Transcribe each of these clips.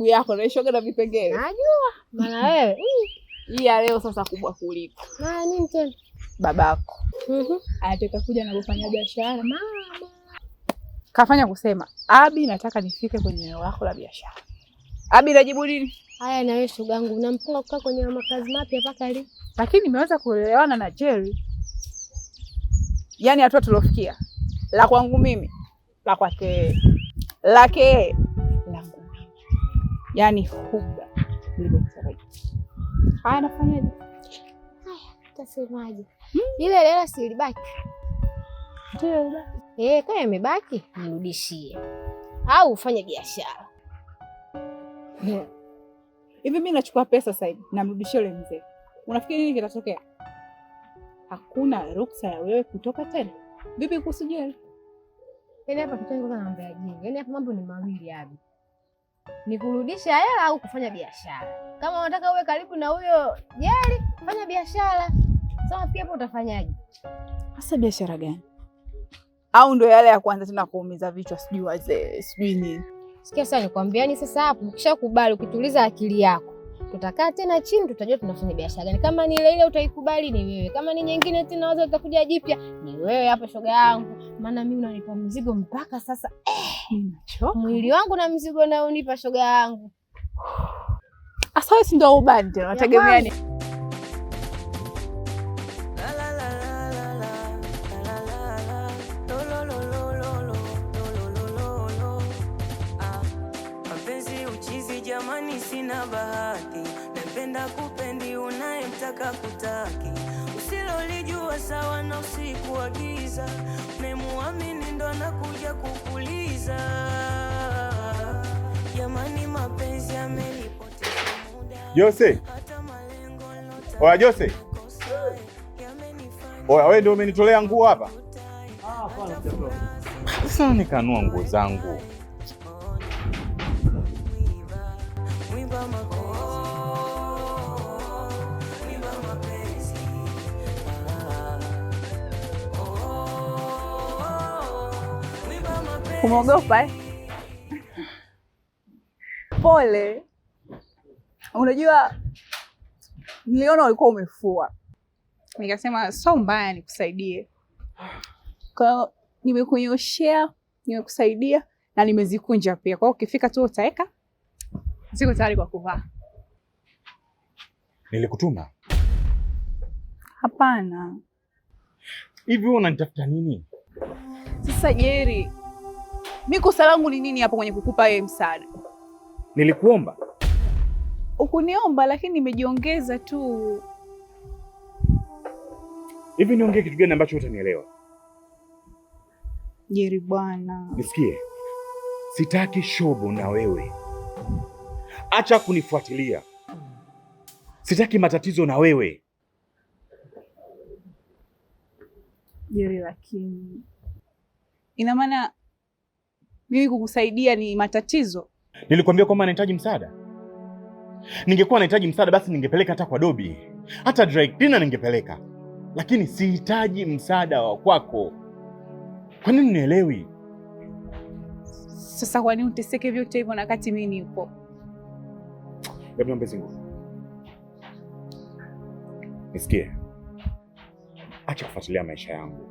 babu yako naishoga na vipengele. Najua maana wewe hii ya leo sasa kubwa kuliko nini tena? Babako mhm. ataka kuja na kufanya biashara. Mama kafanya kusema, Abi, nataka nifike kwenye eneo lako la biashara. Abi najibu nini? Haya, na wewe shogangu, unampanga kukaa kwenye makazi mapya mpaka lini? Lakini nimeweza kuelewana na Jerry, yaani hatua tuliofikia, la kwangu mimi, la kwake, lake yani huba haya, nafanyaje? Haya, tasemaje? hmm? ile lela silibaki e, eh, kama imebaki mrudishie au ufanye biashara hivi. hmm. nachukua pesa sasa hivi namrudishia yule mzee, unafikiri nini kitatokea? Hakuna ruksa ya wewe kutoka tena. Vipi kuhusu jela? Yaani hapa tutangoza na mambo ya jinga, yaani hapa mambo ni mawili abi ni kurudisha hela au kufanya biashara. Kama unataka uwe karibu na huyo jeli, fanya biashara. Sawa, pia hapo utafanyaje? Hasa biashara gani? Au ndio yale ya kwanza tena kuumiza vichwa, sijui wazee, sijui nini. Sikia sasa, nikwambiani sasa hapo, ukishakubali ukituliza akili yako tutakaa tena chini, tutajua tunafanya biashara gani. Kama ni ile ile utaikubali ni wewe, kama ni nyingine tena wazo litakuja jipya ni wewe. Hapo shoga yangu, maana mimi unanipa mzigo mpaka sasa eh, mwili wangu na mzigo nao unipa shoga yangu. Asa wewe ndio ubande unategemeani? Sina bahati akakutaki, usilolijua sawa na usiku wa giza, unayemuamini ndo anakuja kukuliza. Jamani, mapenzi yamenipoteza muda. Jose, oya Jose, oya wewe ndio umenitolea nguo hapa? Ah, Sasa nikanua nguo zangu Umeogopa eh? Pole. Unajua, niliona ulikuwa umefua, nikasema so mbaya nikusaidie. Kwa hiyo nimekunyoshea, nimekusaidia na nimezikunja pia. Kwa hiyo ukifika tu utaweka, ziko tayari kwa kuvaa. Nilikutuma? Hapana. Hivi unanitafuta nini sasa Jerry? Mimi kosa langu ni nini hapo kwenye kukupa yeye msaada? Nilikuomba ukuniomba, lakini nimejiongeza tu. Hivi niongee kitu gani ambacho utanielewa? Jeri bwana, nisikie, sitaki shobo na wewe. Acha kunifuatilia, sitaki matatizo na wewe Jeri. Lakini ina maana mimi kukusaidia ni matatizo? Nilikwambia kwamba nahitaji msaada. Ningekuwa nahitaji msaada, basi ningepeleka hata kwa Dobi, hata dry cleaner ningepeleka, lakini sihitaji msaada wa kwako. Kwa nini nielewi? Sasa kwa nini uteseke vyote hivyo na wakati mimi nipo? Hebu niombe zingu nisikie, acha kufuatilia maisha yangu,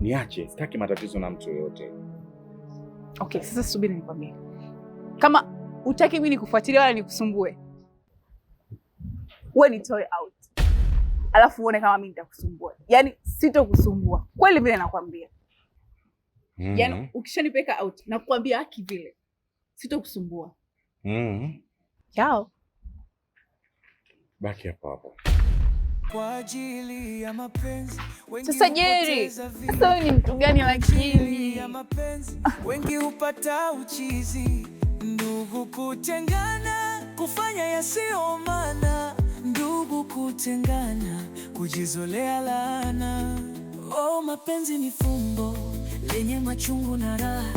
niache. Sitaki matatizo na mtu yoyote. Okay, sasa subiri nikwambie, kama utaki mimi nikufuatilie wala nikusumbue, we nitoe out alafu uone kama mimi nitakusumbua. Yaani sitokusumbua kweli vile nakwambia. mm -hmm. Yaani ukishanipeka out nakwambia haki vile sitokusumbua. mm -hmm. Chao, baki hapo hapo. Sasa Jerry, sasa ni mtu gani lakini? Ah. Wengi hupata uchizi, ndugu kutengana, kufanya yasiyo maana, ndugu kutengana, kujizolea laana. Oh, mapenzi ni fumbo lenye machungu na raha,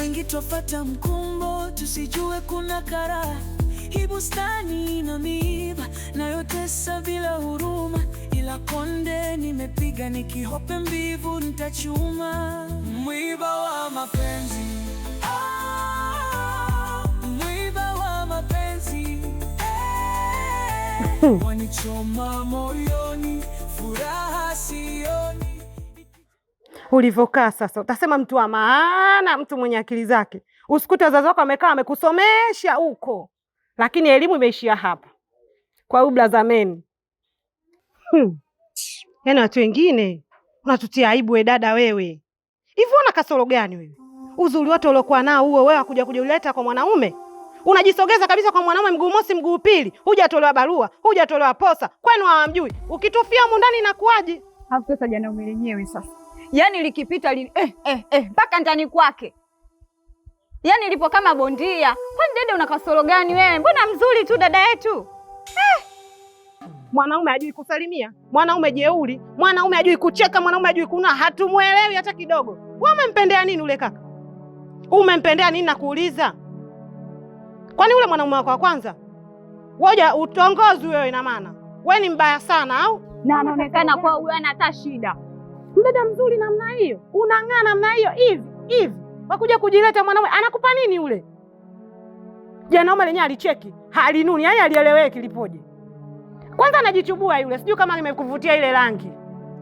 wengi twafata mkumbo, tusijue kuna karaha hii bustani ina miiba nayotesa bila huruma, ila konde nimepiga nikihope mbivu nitachuma. Mwiba wa mapenzi ah, eh, wanichoma moyoni, furaha sioni. Ulivyokaa sasa, utasema mtu wa maana, mtu mwenye akili zake. Usikute wazazi wako amekaa amekusomesha huko lakini elimu imeishia hapa kwa ubla zameni. Hmm. Yaani watu wengine unatutia aibu we dada wewe. Hivi una kasoro gani wewe? Uzuri wote uliokuwa nao huo wewe hakuja kujileta kwa mwanaume. Unajisogeza kabisa kwa mwanaume mguu mosi mguu pili. Hujatolewa barua, hujatolewa posa. Kwenu hawamjui. Ukitufia huko ndani inakuwaje? Hapo sasa jana umelenyewe sasa. Yaani likipita li... eh eh eh mpaka ndani kwake yaani nilipo kama bondia. Kwani dede una kasoro gani wewe? Mbona mzuri tu dada yetu eh! Mwanaume hajui kusalimia, mwanaume jeuri, mwanaume hajui kucheka, mwanaume hajui kuna, hatumwelewi hata kidogo. Wewe umempendea nini ule kaka? Umempendea nini nakuuliza? Kwani ule mwanaume wako wa kwanza woja utongozi wewe? Ina maana wewe ni mbaya sana au? Na anaonekana kwa huyo ana hata shida, mdada mzuri namna hiyo, unang'aa namna hiyo hivi hivi wakuja kujileta mwanamume anakupa nini ule janaume lenyewe alicheki halinuni, yani alieleweki lipoje. Kwanza anajichubua yule, sijui kama nimekuvutia ile rangi,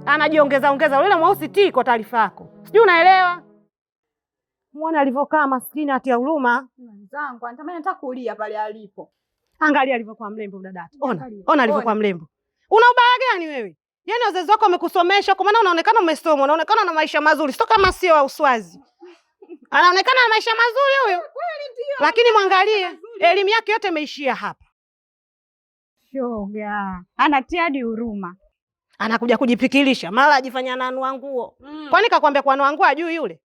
anajiongeza ongeza yule mweusi ti. Kwa taarifa yako, sijui unaelewa. Muone alivyokaa maskini, ati ya huruma mzangu, anatamani nataka kulia pale alipo. Angalia alivyokuwa mrembo dada, ona ona alivyokuwa mrembo. Una ubaya gani wewe? Yaani wazazi wako wamekusomesha kwa maana unaonekana umesoma, unaonekana na maisha mazuri, sio kama sio wa uswazi anaonekana na maisha mazuri huyo lakini mwangalie elimu yake yote imeishia hapa. Shoga anatia huruma, anakuja kujipikilisha, mara ajifanya nanua nguo mm. Kwani kakwambia kwanua nguo ajui yule?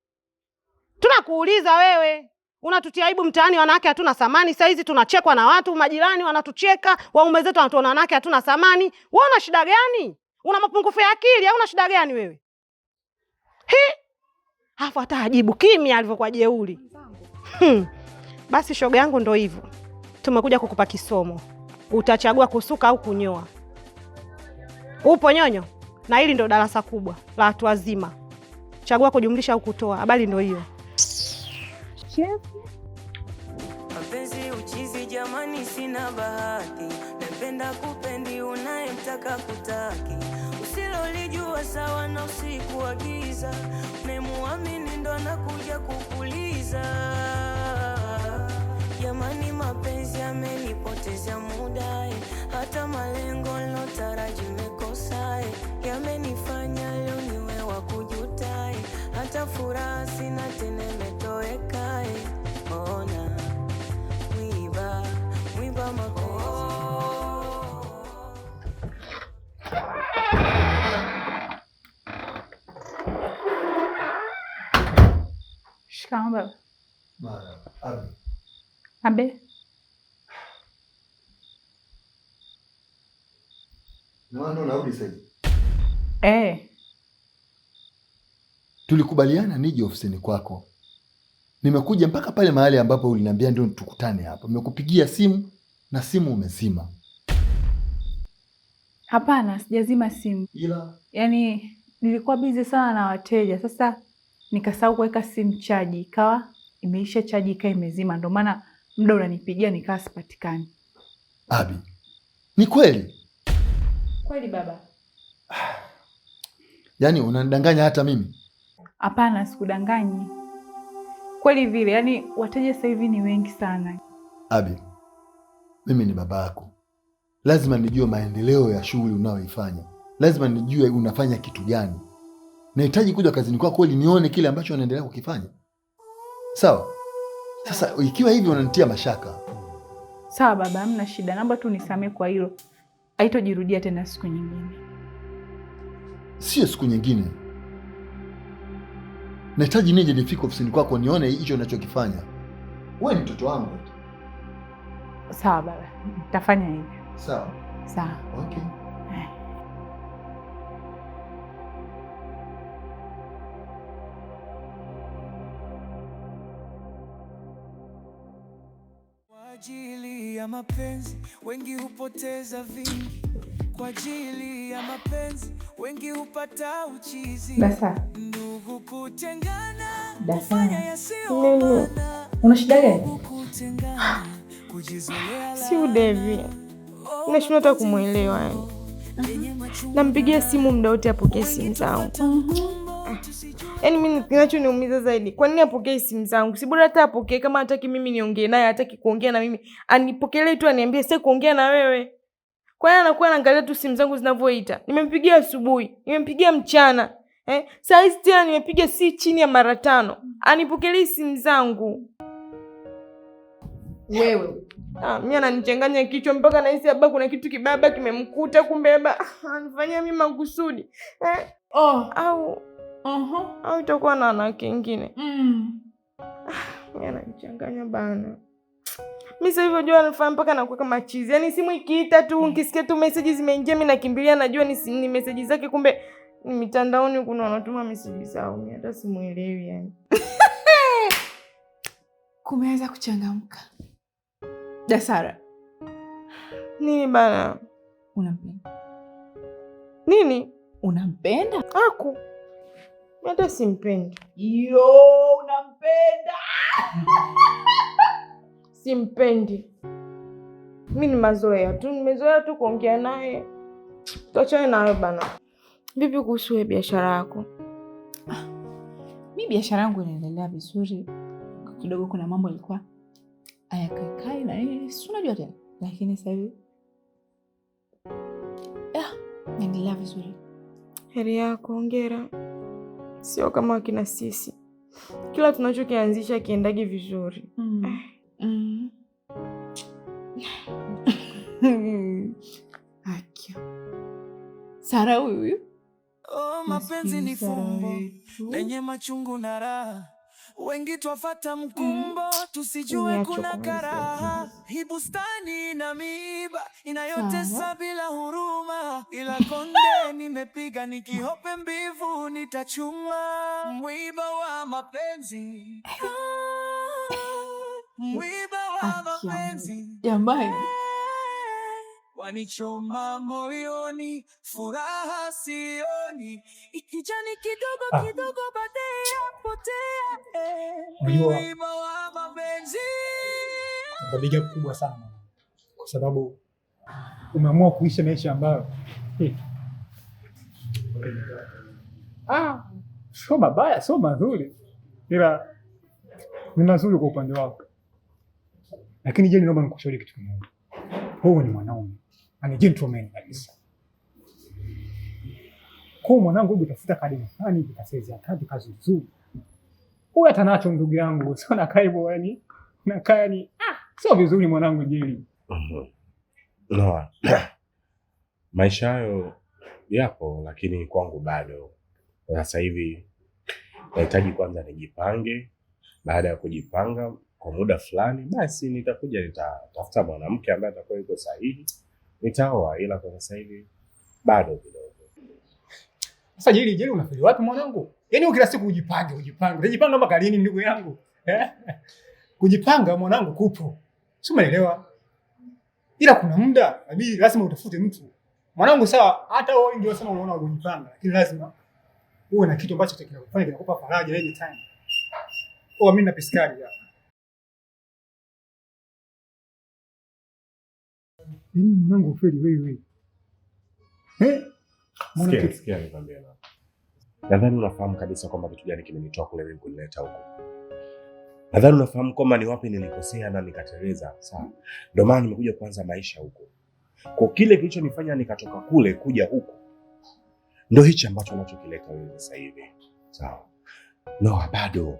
Tunakuuliza wewe, unatutia aibu mtaani. Wanawake hatuna thamani, saa hizi tunachekwa na watu, majirani wanatucheka, waume zetu wanatuona wanawake hatuna thamani. Wewe una shida gani? Una mapungufu ya akili au una shida gani wewe? Hii afu hata ajibu kimya alivyokuwa jeuri. Hmm. Basi shoga yangu ndo hivyo. Tumekuja kukupa kisomo. Utachagua kusuka au kunyoa. Upo nyonyo? Na hili ndo darasa kubwa la watu wazima. Chagua kujumlisha au kutoa. Habari ndo hiyo. Mapenzi uchizi, jamani, sina bahati. Napenda kupendi, unayemtaka kutaki usilolijua sawa na usiku wa giza, unayemuamini ndo anakuja kukuliza. Jamani, mapenzi yamenipotezea mudae, hata malengo nilotaraji mekosae, yamenifanya leo niwe wa kujutae, hata furaha sina tena imetowekae. Ona mwiba mwiba mapenzi Shikamoo baba. Mara. Abe. Mwana unarudi sasa? Eh. Tulikubaliana nije ofisini kwako. Nimekuja mpaka pale mahali ambapo uliniambia ndio tukutane hapa. Nimekupigia simu na simu umezima. Hapana, sijazima simu. Ila, yaani nilikuwa bize sana na wateja. Sasa nikasahau kuweka simu chaji, ikawa imeisha chaji, ikawa imezima, ndio maana muda unanipigia nikawa sipatikani. Abi, ni kweli kweli baba? Yaani unanidanganya hata mimi? Hapana, sikudanganyi, kweli vile. Yaani wateja sasa hivi ni wengi sana. Abi, mimi ni baba yako, lazima nijue maendeleo ya shughuli unayoifanya, lazima nijue unafanya kitu gani nahitaji kuja kazini kwako ili nione kile ambacho unaendelea kukifanya. Sawa. Sasa ikiwa hivyo unanitia mashaka. Sawa baba, hamna shida, naomba tu nisamee kwa hilo, haitojirudia tena siku nyingine. Sio siku nyingine, nahitaji nije nifike ofisini kwako nione hicho unachokifanya. Wewe ni mtoto wangu. Sawa baba, nitafanya hivyo. Sawa sawa, okay. mapenzi wengi hupoteza vingi, kwa ajili ya mapenzi wengi hupata uchizi, ndugu kutengana, kufanya yasiyomaana. Una shida gani? Si udevi, nashindwa hata kumwelewa. Eh? Nampigia simu muda wote apokee simu zangu. Yaani mimi kinachoniumiza zaidi, kwa nini apokee simu zangu? Si bora hata apokee, kama hataki mimi niongee naye, hataki kuongea na mimi, anipokelee tu, aniambie sasa kuongea na wewe. Kwa nini anakuwa anaangalia tu simu zangu zinavyoita? Nimempigia asubuhi, nimempigia mchana. Eh, saa hizi tena nimepiga si chini ya mara tano. Anipokelee simu zangu. Wewe. Ah, mimi ananichanganya kichwa mpaka nahisi labda kuna kitu kibaya kimemkuta kumbe ah, anifanyia mimi makusudi. Eh? Oh, au uh-huh. au itakuwa na wanawake wengine mm. Ah, bana. Mi sasa hivyo jua nafanya mpaka nakuwa kama chizi, yaani simu ikiita tu nkisikia mm. tu meseji zimeingia, mi nakimbilia, najua ni, ni meseji zake, kumbe mitandaoni kuna wanatuma meseji zao, mi hata simuelewi yani. Kumeweza kuchangamka Dasara nini bana, unampenda nini? Unampenda aku hata simpendi. Yo, unampenda? Simpendi mi, ni mazoea tu, nimezoea tu kuongea naye. Tuachane nayo bana. Vipi kuhusu biashara yako? mi biashara yangu inaendelea vizuri kidogo. Kuna mambo yalikuwa ayakaikai na nini, si unajua tena, lakini sasa hivi naendelea vizuri. Heri yako, hongera sio kama akina sisi, kila tunachokianzisha kiendagi vizuri mm. Eh. Mm. Sara huyu, oh, mapenzi ni fumbo lenye machungu na raha wengi twafata mkumbo mm. Tusijue kuna karaha hii bustani na miiba inayotesa bila huruma, ila konde nimepiga nikihope mbivu nitachuma. Mwiba wa mapenzi, ah, mwiba wa mapenzi jamani wanichoma moyoni, furaha sioni, ikijani kidogo ah. kidogo, baadaye yapotea. Wima wa mapenzi abiga kubwa sana, kwa sababu umeamua kuisha maisha ambayo eh. ah, sio mabaya, sio mazuri, ila ni mazuri kwa upande wako. Lakini je, ninaomba nikushauri kitu kimoja. Wewe ni mwanaume Ani gentleman kabisa. Kwa mwanangu hebu tafuta kadi mfani hivi kasaizi kadi kazi nzuri. Huyu atanacho ndugu yangu, sio na kaibu yani. Na kani ah, sio vizuri mwanangu jili. Mhm. No. Maisha hayo yapo lakini kwangu bado. Sasa hivi nahitaji kwanza nijipange. Baada ya kujipanga kwa muda fulani, basi nitakuja nitatafuta mwanamke ambaye atakuwa yuko sahihi Nitaoa, ila kwa sasa hivi bado kidogo. Sasa jili jili, unafeli wapi mwanangu? Yaani kila siku ujipange, ujipange. Unajipanga mpaka lini ndugu yangu? Eh? Kujipanga mwanangu kupo. Si umeelewa? Ila kuna muda nabii lazima utafute mtu. Mwanangu sawa, hata wewe ndio unasema unaona unajipanga, lakini lazima uwe na kitu ambacho kinakufanya kinakupa faraja ile time. Oh, mimi na piskari ya. Yaani mwanangu kweli wewe. Eh? Sikia, sikia nikwambie na. Nadhani unafahamu kabisa kwamba kitu gani kimenitoa kule mimi kunileta huko. Nadhani unafahamu kwamba ni wapi nilikosea na nikateleza. Sawa. Ndio maana nimekuja kuanza maisha huko. Kwa kile kilichonifanya nikatoka kule kuja huko. Ndio hichi ambacho unachokileta wewe sasa hivi. Sawa. No, bado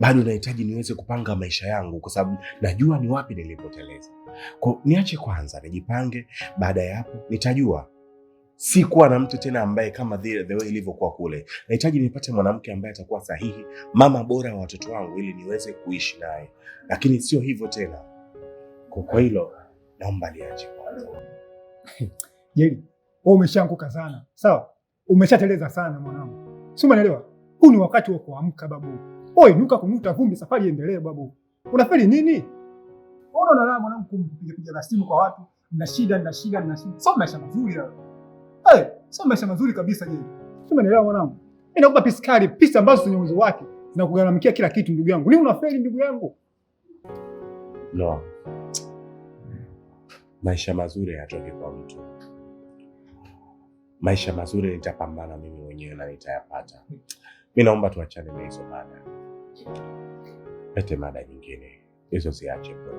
bado nahitaji niweze kupanga maisha yangu, kwa sababu najua ni wapi nilipoteleza. Kwa niache kwanza nijipange, baada ya hapo nitajua. Si kuwa na mtu tena ambaye kama vile the way ilivyokuwa kule. Nahitaji nipate mwanamke ambaye atakuwa sahihi, mama bora wa watoto wangu, ili niweze kuishi naye, lakini sio hivyo tena. Kwa hilo naomba niache kwanza. Jeli, wewe umeshaanguka sana, sawa? Umeshateleza sana mwanangu, si unaelewa? Huu ni wakati wa kuamka babu. Oi, nuka kung'uta vumbi, safari iendelee babu. Unafeli nini? Ona na unalala mwanangu kumpiga piga na simu kwa watu? Na shida, na shida, na shida. Sio maisha mazuri ya. Eh, sio maisha mazuri kabisa je. Sema nielewa mwanangu. Mimi nakupa pesa pisi ambazo zenye uwezo wake na kugaramikia kila kitu ndugu yangu. Lini unafeli ndugu yangu? No. Maisha mazuri hayatoki kwa mtu. Maisha mazuri nitapambana mimi mwenyewe na nitayapata. Mimi naomba tuachane na hizo baada. Ete mada nyingine hizo, ziache bro.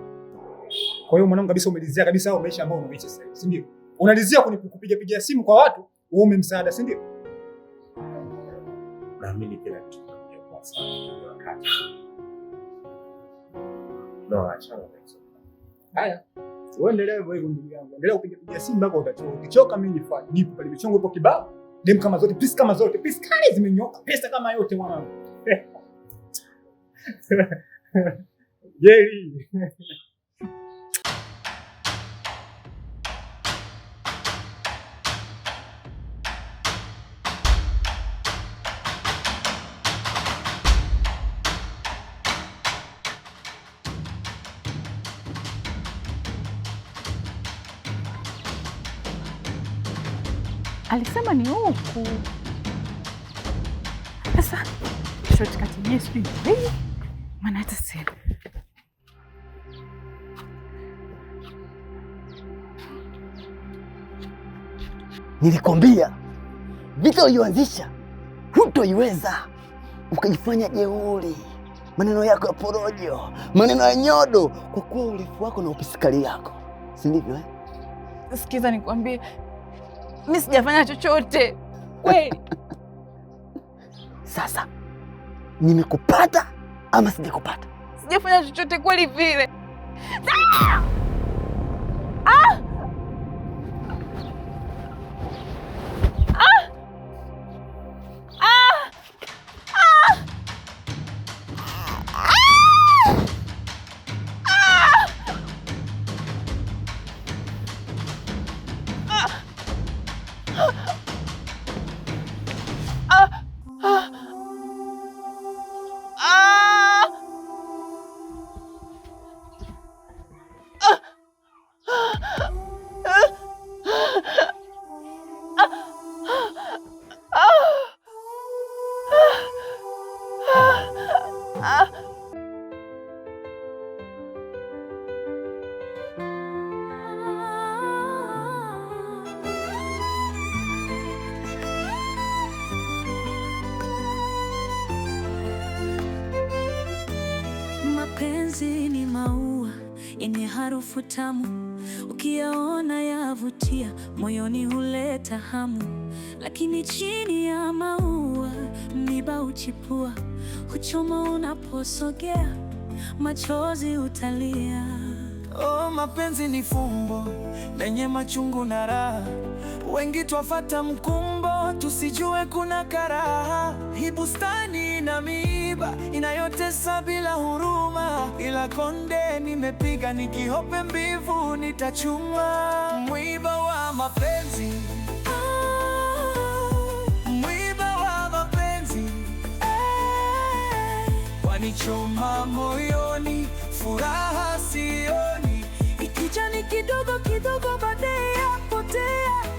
Kwa hiyo mwanangu, kabisa umelizia kabisa au maisha ambayo unaishi sasa hivi, si ndio? Unalizia kupiga piga simu kwa watu uombe msaada, si ndio? Naamini kila kitu kitakuwa sawa wakati. No, acha haya. Uendelee hivyo hivyo ndugu yangu. Endelea kupiga piga simu mpaka utachoka. Ukichoka mimi nifanye. Nipo pale michongo ipo kibao. Dem kama zote, pisi kama zote, pisi kali zimenyoka. Pesa kama yote mwanangu. Eh. Yay! Alisema ni huku sasa, shortcut yenyewe sijui hat es sehen. Nilikwambia vita ulioanzisha hutoiweza, ukajifanya jeuri, maneno yako ya porojo, maneno ya nyodo, kwa kuwa urefu wako na upisikali yako, si ndivyo eh? Sikiza nikwambie, mi sijafanya chochote kweli. Sasa nimekupata ama sijakupata? Sijafanya chochote kweli vile. Ah! ah! yenye harufu tamu, ukiyaona yavutia, moyoni huleta hamu. Lakini chini ya maua miba huchipua, huchoma unaposogea, machozi utalia. Oh, mapenzi ni fumbo lenye machungu na raha, wengi twafata mkumbo tusijue kuna karaha. Hii bustani ina miiba inayotesa bila huruma, ila konde nimepiga nikihope mbivu nitachuma. Mwiba wa mapenzi mwiba wa mapenzi wanichoma moyoni, furaha sioni, ikijani kidogo kidogo, baadaye yapotea.